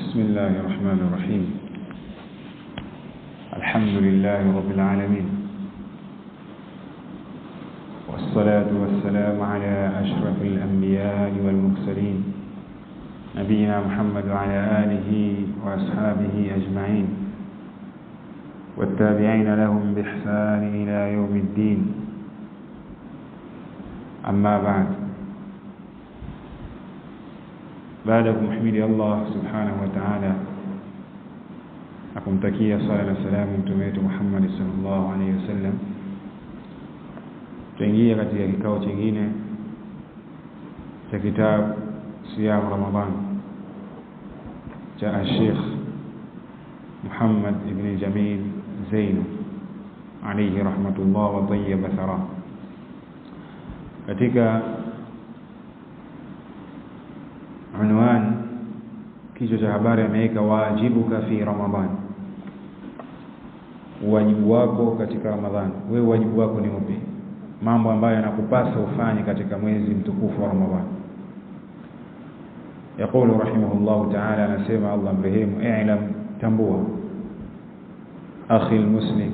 بسم الله الرحمن الرحيم الحمد لله رب العالمين والصلاة والسلام على أشرف الأنبياء والمرسلين نبينا محمد وعلى آله وأصحابه أجمعين والتابعين لهم بإحسان إلى يوم الدين أما بعد بعدكم حميد Allah subhanahu wa ta'ala akumtakia sala na salamu mtume wetu Muhammad sallallahu alaihi wasallam tuingie katika kikao chingine cha kitabu siyamu Ramadhan cha Sheikh Muhammad ibn Jamil Zain alayhi rahmatullah wa tayyiba thara katika Unwani kichwa cha habari ameweka wajibuka fi Ramadhan, wajibu wako katika Ramadhani. Wewe wajibu wako ni upi? Mambo ambayo yanakupasa ufanye katika mwezi mtukufu wa Ramadhani. Yaqulu rahimahullahu ta'ala, anasema Allah mrehemu, i'lam, tambua, akhi almuslim,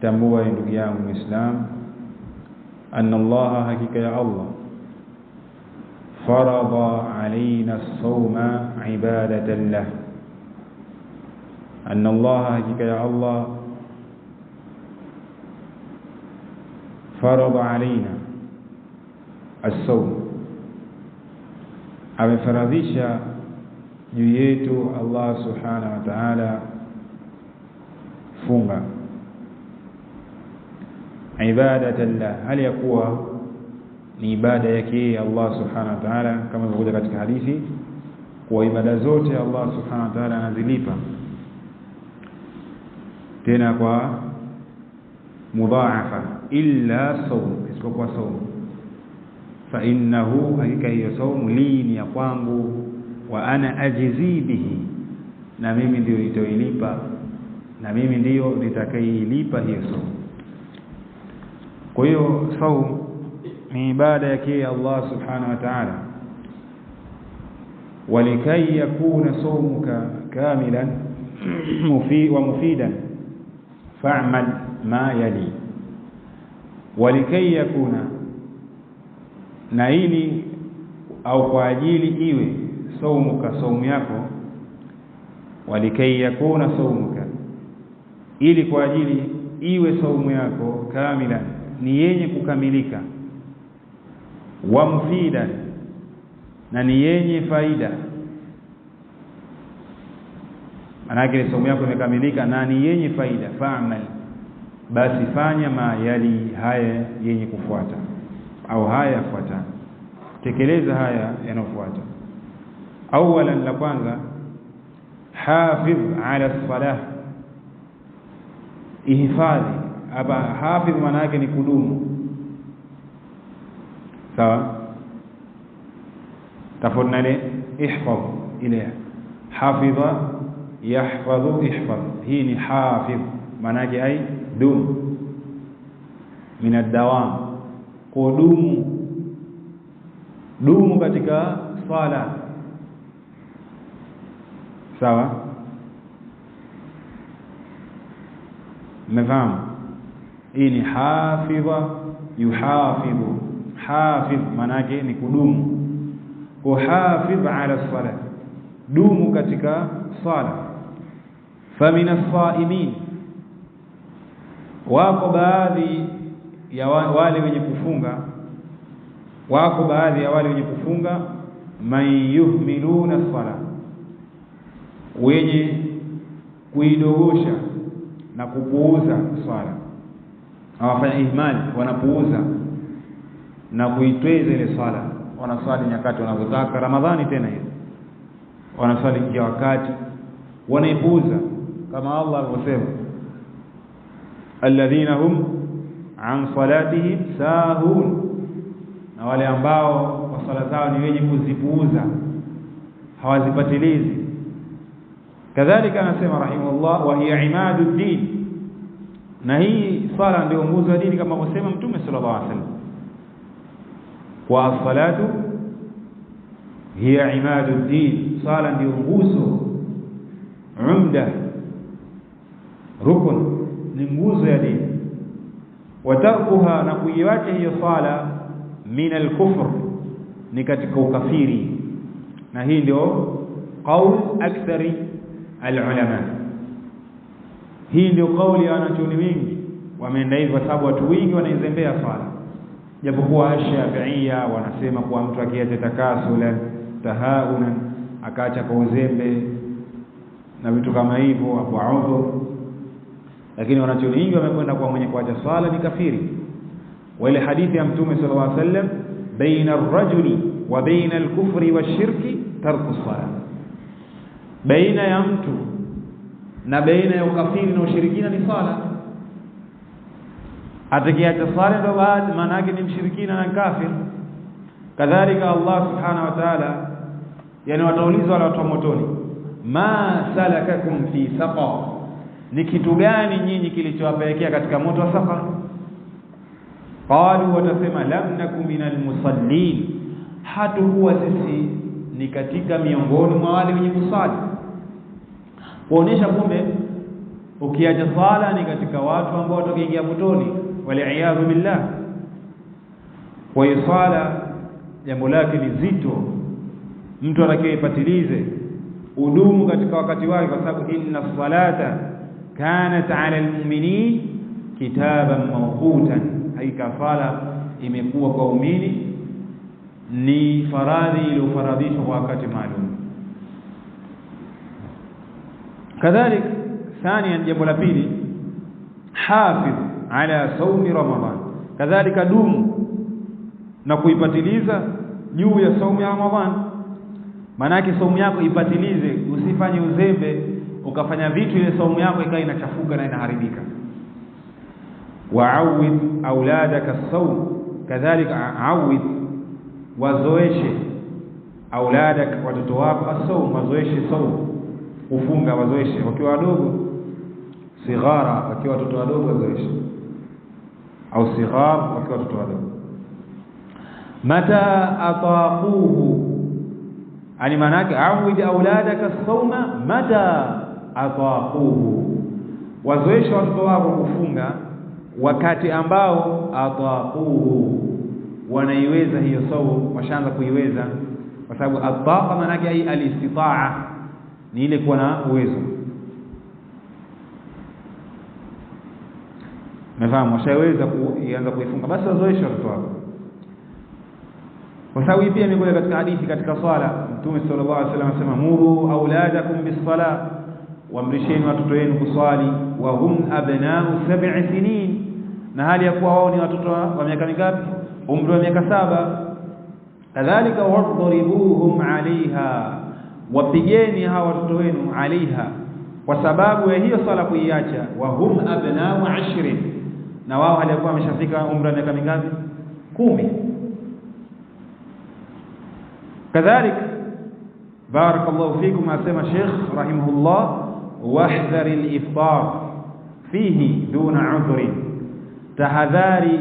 tambua ndugu yangu Muislam, anna Allah, hakika ya Allah فرض علينا الصوم عبادة له أن الله هكذا يا الله فرض علينا الصوم أبي فرضيشا يويتو الله سبحانه وتعالى فوما عبادة الله هل يقوى ni ibada yake Allah subhanahu wa ta'ala, kama ilivyokuja katika hadithi kuwa ibada zote Allah subhanahu wa ta'ala anazilipa tena kwa mudhaafa, illa saum, isipokuwa saum. Fa innahu, hakika hiyo saumu li ni ya kwangu, wa ana ajizi bihi, na mimi ndio nitoilipa na mimi ndio nitakayeilipa hiyo saumu. Kwa hiyo saumu ni ibada yake Allah subhanahu wa ta'ala, walikai yakuna sawmuka kamilan wa mufidan fa'mal ma yali, walikai yakuna, na ili au kwa ajili iwe sawmuka saumu yako, walikai yakuna saumuka, ili kwa ajili iwe saumu yako, kamila, ni yenye kukamilika wa mufidan, na ni yenye faida. Maanake somo yako imekamilika na ni yenye faida. Fa'mal, basi fanya ma yali, haya yenye kufuata au haya yafuata, tekeleza haya yanayofuata. Awalan, la kwanza, hafidh ala salah, ihifadhi. Hapa hafidh maana yake ni kudumu sawa tafuna ile ihfaz ile hafidha yahfadhu ihfaz hii ni hafidh maanaje ai dum min ad-dawam kudumu dumu katika swala sawa mfahamu hii ni hafidha yuhafidhu hafidh yake ni kudumu uhafidh ala sala dumu katika sala famin as-saimin wako baadhi ya wale wenye kufunga wako baadhi ya wale wenye kufunga man yuhmiluna sala wenye kuidogosha na kupuuza sala hawafanyi ihmali wanapuuza na kuitweza ile swala. Wanaswali nyakati wanazotaka Ramadhani tena hiyo wanaswali kia wakati, wanaipuuza kama Allah alivyosema, alladhina hum an salatihim sahun, na wale ambao kwa swala zao ni wenye kuzipuuza, hawazipatilizi. Kadhalika anasema rahimahullah, wa hiya imadu ddin, na hii swala ndio nguzo ya dini kama alivyosema Mtume sallallahu alaihi wasallam kwa as-salatu hiya imadu din, sala ndio nguzo, umda, rukun, ni nguzo ya dini. Watakuha, na kuiacha hiyo sala, min al-kufr, ni katika ukafiri, na hii ndio qaul akthari al-ulama. Hii ndio kauli ya wanachuoni wengi, wameenda hivyo, kwa sababu watu wengi wanaizembea sala japokuwa Shafiia wanasema kuwa mtu akiacha takasulan tahaunan, akaacha kwa uzembe na vitu kama hivyo, hapo udhur. Lakini wanacholingi wamekwenda kwa mwenye kuacha swala ni kafiri, wa ile hadithi ya Mtume sallallahu alaihi wasallam, baina ar-rajuli wa baina al-kufri wash-shirki tarku swala, baina ya mtu na baina ya ukafiri na ushirikina ni sala atakiacha sala ndo baadhi, maana yake ni mshirikina na kafir. Kadhalika Allah subhanahu wa ta'ala, yani wataulizwa wale watu motoni, ma salakakum fi saqar, ni kitu gani nyinyi kilichowapelekea katika moto wa saqar? Qalu, watasema lam nakum minal musallin, hatukuwa sisi ni katika miongoni mwa wale wenye kusali, kuonesha kumbe ukiacha sala ni katika watu ambao watakaingia motoni waliyadhu billah. waisala jambo lake ni zito, mtu anatakiwa ipatilize, udumu katika wakati wake, kwa sababu inna salata kanat ala almu'minin kitaban mawqutan, hakika sala imekuwa kwa umini ni faradhi iliyofaradhishwa kwa wakati maalum. kadhalik thania, jambo la pili, hafidh ala saumi ramadan kadhalika dumu na kuipatiliza juu ya saumu ya ramadan maanake saumu yako ipatilize usifanye uzembe ukafanya vitu ile saumu yako ikawa inachafuka na inaharibika waawid auladaka saum kadhalika awidh wazoeshe auladaka watoto wako asaum wazoeshe saum ufunga wazoeshe wakiwa wadogo sighara wakiwa watoto wadogo wazoeshe au sighar, wakiwa watoto wadogo. Mata ataquhu, ani maana yake awid auladaka sauma mata ataquhu, wazoesha watoto wako kufunga wakati ambao ataquhu, wanaiweza hiyo saumu, washaanza kuiweza, kwa sababu ataqa maana yake ai alistitaa, ni ile kuwa na uwezo Nafahamu washaweza kuanza kuifunga, basi wazoeshe watoto wako, kwa sababu pia imekuja katika hadithi, katika swala Mtume sallallahu alaihi wasallam anasema, muru auladakum bis waamrisheni watoto wenu kuswali, wa hum abnau sab'i sinin, na hali ya kuwa wao ni watoto wa miaka mingapi? Umri wa miaka saba. Kadhalika wadribuhum alaiha, wapigeni hawa watoto wenu alaiha, kwa sababu ya hiyo swala kuiacha, wa hum abnau ashrin na wao haliakuwa wameshafika umri wa miaka mingapi kumi kadhalik barakallahu fikum asema Sheikh rahimahullah wahdhar al-iftar fihi duna udhri tahadhari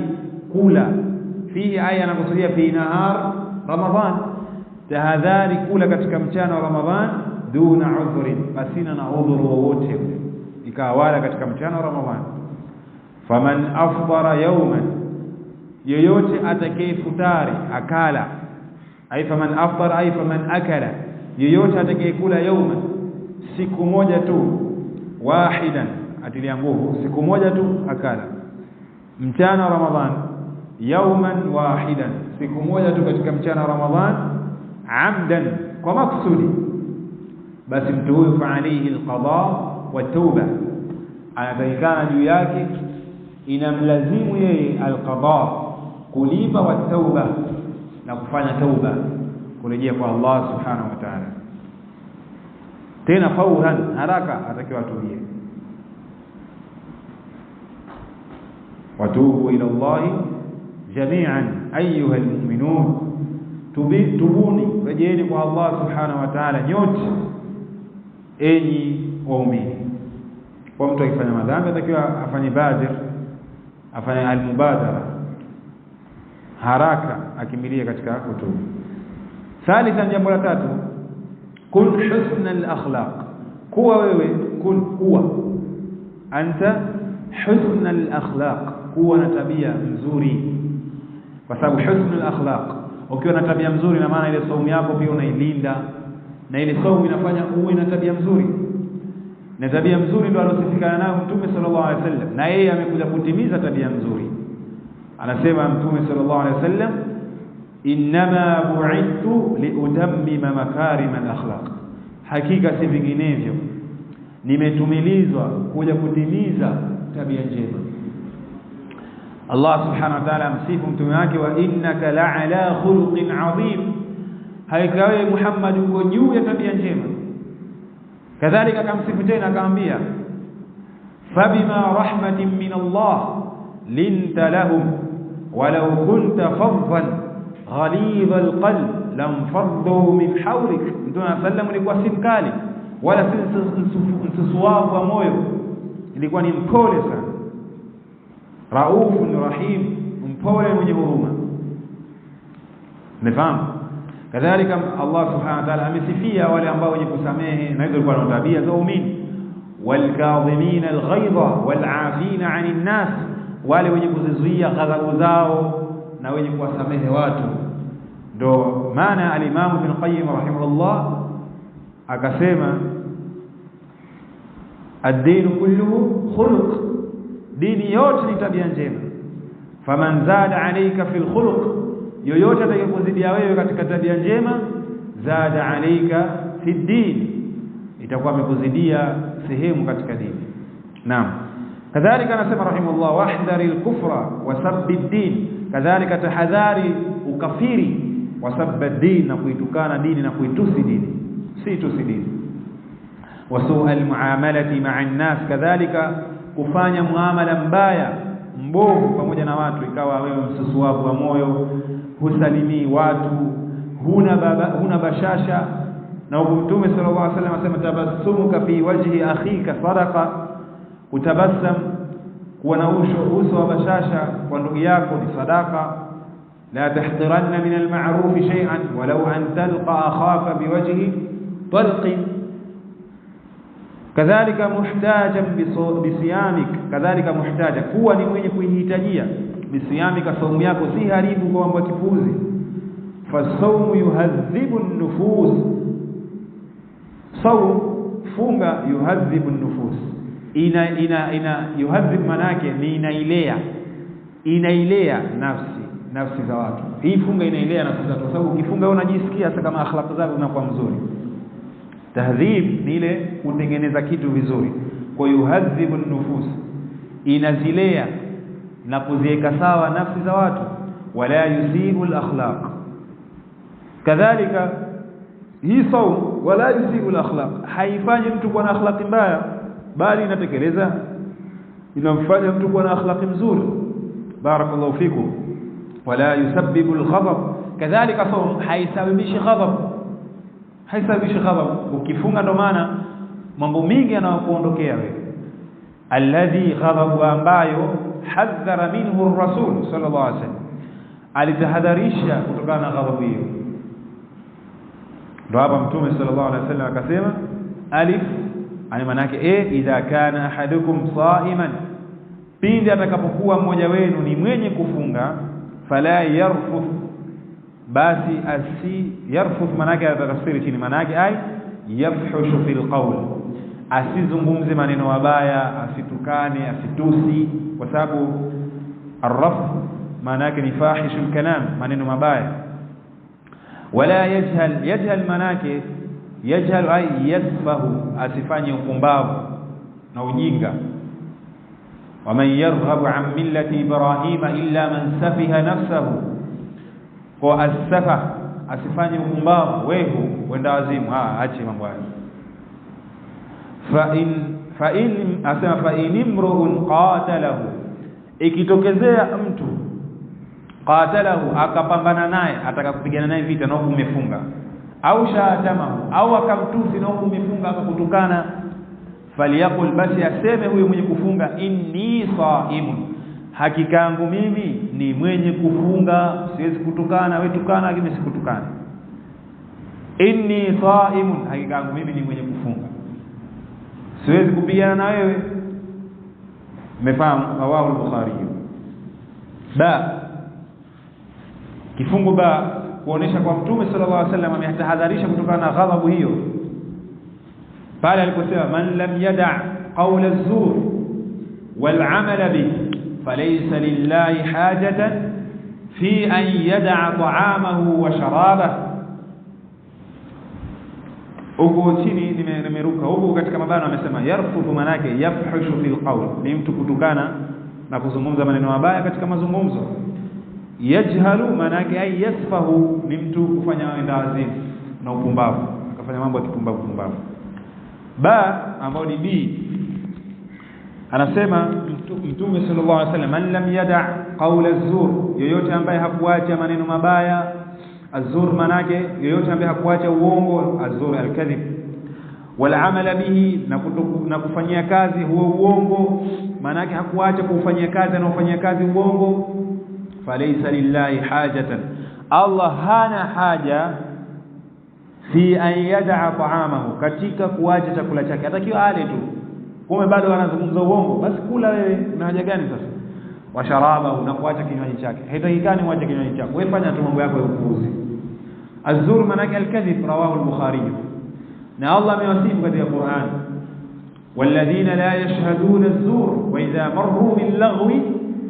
kula fihi aya anakusudia fi nahar ramadhan tahadhari kula katika mchana wa ramadhan duna udhri pasina na udhuru wowote ikawala katika mchana wa ramadhan faman afṭara yawman yoyote atakayefutari akala ai faman afṭara ai faman akala yoyote atakayekula yawman siku moja tu wahidan atilia nguvu siku moja tu akala mchana ramadhan yawman wahidan siku moja tu katika mchana ramadhan amdan kwa maksudi basi mtu huyu fa alayhi alqada wa tauba anatakikana juu yake inamlazimu yeye alqada kulipa wa tauba na kufanya tauba kurejea kwa Allah subhanahu wa ta'ala tena fauran haraka atakiwa atubie watubu ila Allah jami'an ayuha almu'minun tubuni rejeeni kwa Allah subhanahu wa ta'ala nyote enyi waumini kwa mtu akifanya madhambi atakiwa afanye badir afanya almubadara haraka akimbilie katika kutubu. thalitha jambo la tatu, kun husna alakhlaq, kuwa wewe kun, kuwa anta husna alakhlaq, kuwa na tabia nzuri, kwa sababu husna alakhlaq, ukiwa na tabia nzuri, na maana ile saumu yako pia unailinda, na ile saumu inafanya uwe na tabia nzuri na tabia nzuri ndio alosifikana nayo mtume sallallahu alaihi wasallam na yeye amekuja kutimiza tabia nzuri anasema mtume sallallahu alaihi wasallam inma bu'ithtu liutammima makarim al-akhlaq hakika si vinginevyo nimetumilizwa kuja kutimiza tabia njema Allah subhanahu wa ta'ala amsifu mtume wake wa innaka la'ala khuluqin 'azim haikawe Muhammad uko juu ya tabia njema kadhalika akamsifu tena akamwambia fabima rahmatin min Allah linta lahum walau kunta fadhan ghalidha alqalb lamfaddu min hawlik mtume sallam alikuwa si mkali wala si msusuavu wa moyo ilikuwa ni mpole sana raufun rahim mpole mwenye huruma nifahamu kadhalika Allah subhanahu wa ta'ala amesifia wale ambao wenye kusamehe na hizo walikuwa na tabia za waumini والكاظمين الغيظ والعافين عن الناس wale wenye kuzizuia ghadhabu zao na wenye kuwasamehe watu ndo maana alimamu bin qayyim rahimahullah akasema ad-din kulluhu khuluq dini yote ni tabia njema faman zada alayka fil khuluq yoyote atakayekuzidia wewe katika tabia njema, zada alaika fi din, itakuwa amekuzidia sehemu katika dini. Naam, kadhalika anasema rahimahullah, wahdhari lkufra wasabbi ddin, kadhalika tahadhari ukafiri, wasabba ddin, na kuitukana dini na kuitusi dini, si tusi dini, wasua almuamalati maa nnas, kadhalika kufanya muamala mbaya mbovu pamoja na watu, ikawa wewe msusuavu wa moyo husalimii watu, huna baba, huna bashasha. Na huku Mtume sallallahu alaihi wasallam asema tabassumuka fi wajhi akhika sadaqa, utabassam kuwa na uso wa bashasha kwa ndugu yako ni sadaka. la tahqiranna min alma'rufi shay'an walau an talqa akhaka biwajhi talqi kadhalika muhtajan bisiyamik, kadhalika muhtaja, kuwa ni mwenye kuihitajia ka saumu yako si haribu kwa mambo ya fa saumu yuhadhibu nufus, saumu funga, yuhadhibu nufus ina ina ina yuhadhib, maana yake ni inailea, inailea nafsi nafsi za watu. Hii funga inailea nafsi za watu, sababu ukifunga wewe unajisikia hata kama akhlaq zako zinakuwa mzuri. Tahdhib ni ile kutengeneza kitu vizuri, kwa yuhadhibu nufus, inazilea na kuziweka sawa nafsi za watu wala yusibu al kadhalika hii saum wala yusibu al-akhlaq haifanyi mtu kuwa na akhlaqi mbaya bali inatekeleza inamfanya mtu kuwa na akhlaqi mzuri barakallahu fikum wala yusabbibu al kadhalika saum haisababishi ghadab haisababishi ghadab ukifunga ndo maana mambo mingi yanayokuondokea wewe alladhi ghadhabu ambayo hadhara minhu ar-rasul sallallahu alaihi wasallam alitahadharisha kutokana na ghadhabu hiyo ndio hapa mtume sallallahu alaihi wasallam akasema alif ani maana yake eh idha kana ahadukum sa'iman pindi atakapokuwa mmoja wenu ni mwenye kufunga fala yarfuth basi asi yarfuth maana yake atafsiri chini maana yake ai yafhushu fil qawl asizungumze maneno mabaya, asitukane, asitusi, kwa sababu arrafu maana yake ni fahishul kalam, maneno mabaya. Wala yajhal, yajhal maana yake yajhal ay yasfahu, asifanye upumbavu na ujinga. Waman yarghabu an millati Ibrahima illa man safiha nafsahu, kwa asafa, asifanye upumbavu, wehu, wenda wazimu. Ah, ache mambo hayo fa in fa in asema fa in imru'un qatalahu ikitokezea mtu qatalahu akapambana naye ataka kupigana naye vita na umefunga au shaatama au akamtusi na umefunga akakutukana faliyakul basi aseme huyu mwenye kufunga inni saimun hakika yangu mimi ni mwenye kufunga siwezi kutukana wewe tukana kimesikutukana inni saimun hakika yangu mimi ni mwenye kufunga siwezi kupigana na wewe umefahamu rawahu al-bukhari ba kifungu ba kuonesha kwa mtume sallallahu alaihi wasallam ametahadharisha kutokana na ghadhabu hiyo pale aliposema man lam yada qawla az-zur wal 'amala bihi falaysa lillahi hajatan fi an yada ta'amahu wa sharabahu huku chini nimeruka huku katika mabano amesema yarfudhu manake yafhushu fil qawl ni mtu kutukana na kuzungumza maneno mabaya katika mazungumzo yajhalu manake ai yasfahu ni mtu kufanya endawazimu na upumbavu akafanya mambo ya kipumbavu pumbavu ba ambao ni b anasema mtume sallallahu alaihi wasallam man lam yada qaula zur yoyote ambaye hakuacha maneno mabaya Azur manake yoyote ambaye hakuacha uongo, azur alkadhib, wal bihi, na, na kufanyia kazi huo uongo, manake hakuacha kuufanyia kazi, anaofanyia kazi uongo. Falaysa lillahi hajatan, Allah hana haja fi an yadaa taamahu, katika kuacha chakula chake, atakiwa ale tu. Kumbe bado anazungumza uongo, basi kula wewe, una haja gani sasa? washarabahu na kuacha kinywaji chake, haitakikani uache kinywaji chako, wewe fanya tu mambo yako ya upuuzi. الزور من الكذب رواه البخاري ان الله ميوسيم قد القران والذين لا يشهدون الزور واذا مروا باللغو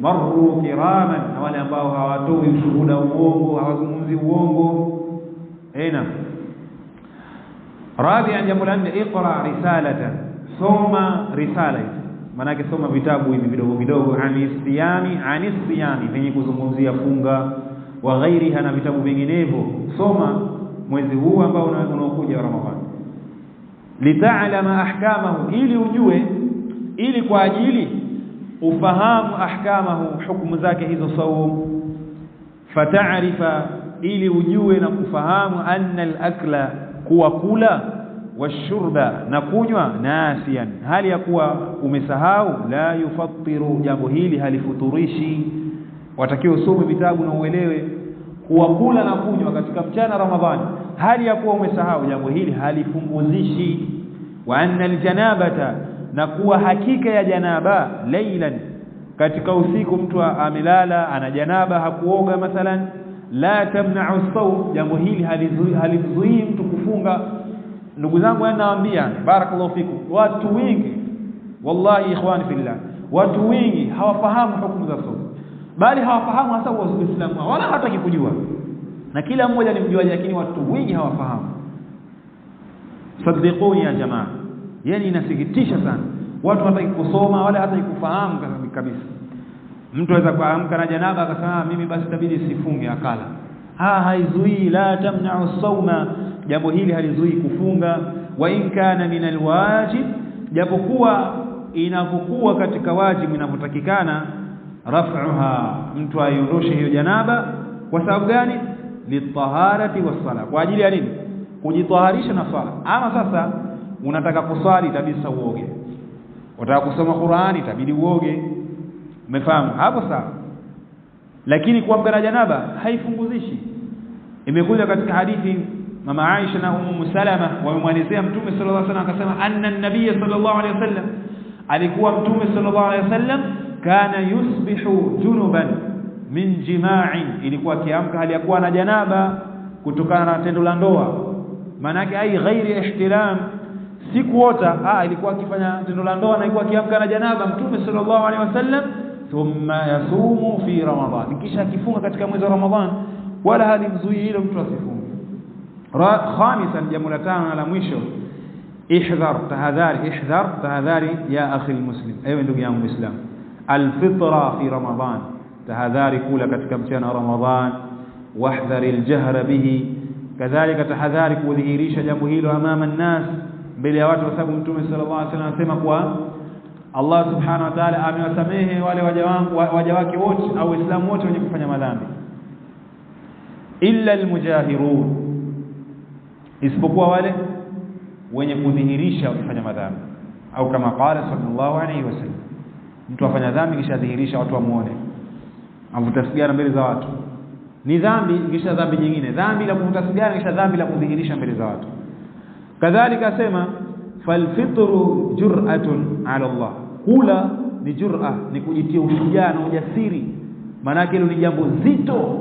مروا كراما ولا باو هواتو يشهد وongo hawazunguzi uongo هنا رابعا جملة اقرا رسالة ثم رسالة manake soma vitabu hivi vidogo vidogo anisiyami anisiyami venye kuzungumzia funga wa ghairiha, na vitabu vinginevyo. Soma mwezi huu ambao unaokuja wa Ramadhani, litaalama ahkamahu, ili ujue, ili kwa ajili ufahamu ahkamahu, hukumu zake hizo saumu, fatarifa ili ujue na kufahamu anna al-akla, kuwa kula washurba na kunywa, nasian, hali ya kuwa umesahau. La yufattiru, jambo hili halifuturishi. Watakiwa usome vitabu na uelewe kuwakula na kunywa katika mchana Ramadhani hali ya kuwa umesahau jambo hili halifunguzishi wa anna aljanabata na kuwa hakika ya janaba laylan katika usiku mtu amelala ana janaba hakuoga mathalan la tamna'u sawm jambo hili halimzuii mtu kufunga ndugu zangu yaani nawaambia barakallahu fikum watu wengi wallahi ikhwani fillah watu wengi hawafahamu hukumu za sawm bali hawafahamu hasa Uislamu wa wala hawataki kujua na kila mmoja ni mjuaji lakini watu wengi hawafahamu sadiquni ya jamaa yani inasikitisha sana watu hawataki kusoma wala hata kufahamu kabisa mtu anaweza kuamka na janaba akasema ah, mimi basi tabidi sifunge akala ha haizui la tamna'u sawma jambo hili halizui kufunga wa in kana min alwajib japokuwa inapokuwa katika wajibu inapotakikana رفعها mtu aiondoshe hiyo janaba kwa sababu gani litaharati wasala kwa ajili ya nini kujitaharisha na swala ama sasa unataka kuswali tabisa uoge unataka kusoma Qur'ani itabidi uoge umefahamu hapo sawa lakini kuamka na janaba haifunguzishi imekuja katika hadithi mama Aisha na Ummu Salama wamemwelezea Mtume sallallahu alaihi wasallam akasema anna an-nabiy sallallahu alaihi wasallam alikuwa Mtume sallallahu alaihi wasallam kana yusbihu junuban min jima'in ilikuwa kiamka hali yakuwa na janaba kutokana na tendo la ndoa maana yake ai ghairi ihtilam si kuota ah ilikuwa akifanya tendo la ndoa na ilikuwa kiamka na janaba mtume sallallahu alaihi wasallam thumma yasumu fi ramadan kisha akifunga katika mwezi wa ramadan wala halimzuii ile mtu asifunge ra khamisan jambo la tano la mwisho ihdhar tahadhari ihdhar tahadhari ya akhi muslim ewe ndugu yangu muislamu الفطرة في رمضان تهذاري كولك كمتان رمضان واحذر الجهر به كذلك تهذاري كوله ريشة جمهيل أمام الناس بليوات وسبب انتم صلى الله عليه وسلم سمك الله سبحانه وتعالى آمين وسميه ولي وجواك ووت أو إسلام ووت ونجك فنجم ذامي إلا المجاهرون إسبقوا ولي ونجك ذهريش ونجك فنجم ذامي أو كما قال صلى الله عليه وسلم mtu afanya dhambi kisha adhihirisha watu wamuone, avuta sigara mbele za watu ni dhambi, kisha dhambi nyingine, dhambi la kuvuta sigara, kisha dhambi la kudhihirisha mbele za watu. Kadhalika asema falfitru jur'atun ala Allah, kula ni jur'a, ni kujitia ushujaa na ujasiri, maanake hilo ni jambo zito.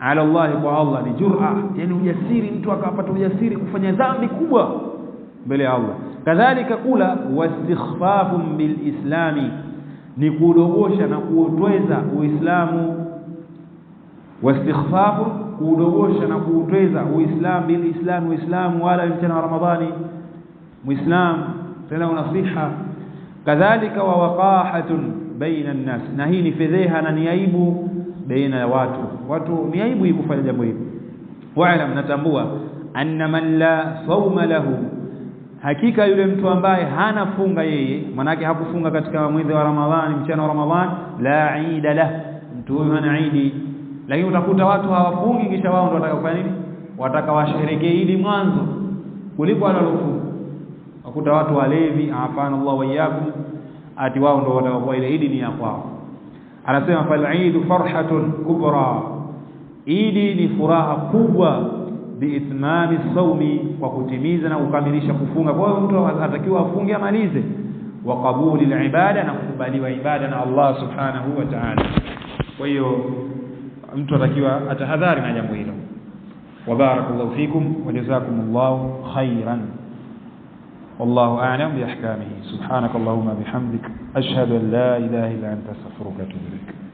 Ala Allah, kwa Allah ni jur'a, yani ujasiri, mtu akapata ujasiri kufanya dhambi kubwa mbele ya Allah kadhalika kula bil bilislami ni kudogosha na kuotweza uislamu wastikhfafu kudogosha na kuotweza uislamu bil islam uislamu wala mtana wa ramadhani muislamu tena unasiha kadhalika wa waqahatun baina an-nas na hii ni fedheha na ni aibu baina ya watu watu ni aibu kufanya jambo hili wa'lam natambua anna man la sawma lahu hakika yule mtu ambaye hana funga yeye manake hakufunga katika mwezi wa Ramadhani mchana wa Ramadhani la ida la mtu huyu hana idi lakini utakuta watu hawafungi kisha wao ndio watakafanya nini watakawasherekee ili mwanzo kuliko wale wakuta watu walevi afana Allah waiyakum ati wao ndio watakawa ile idi ni ya kwao anasema fal idu farhatun kubra idi ni furaha kubwa biithmami saumi kwa kutimiza na kukamilisha kufunga kwa hiyo mtu atakiwa afunge amalize wa qabuli ibada na kukubaliwa ibada na Allah subhanahu wa ta'ala kwa hiyo mtu atakiwa atahadhari na jambo hilo وبارك الله فيكم وجزاكم الله خيرا والله أعلم بأحكامه سبحانك اللهم بحمدك أشهد أن لا إله إلا أنت أستغفرك وأتوب إليك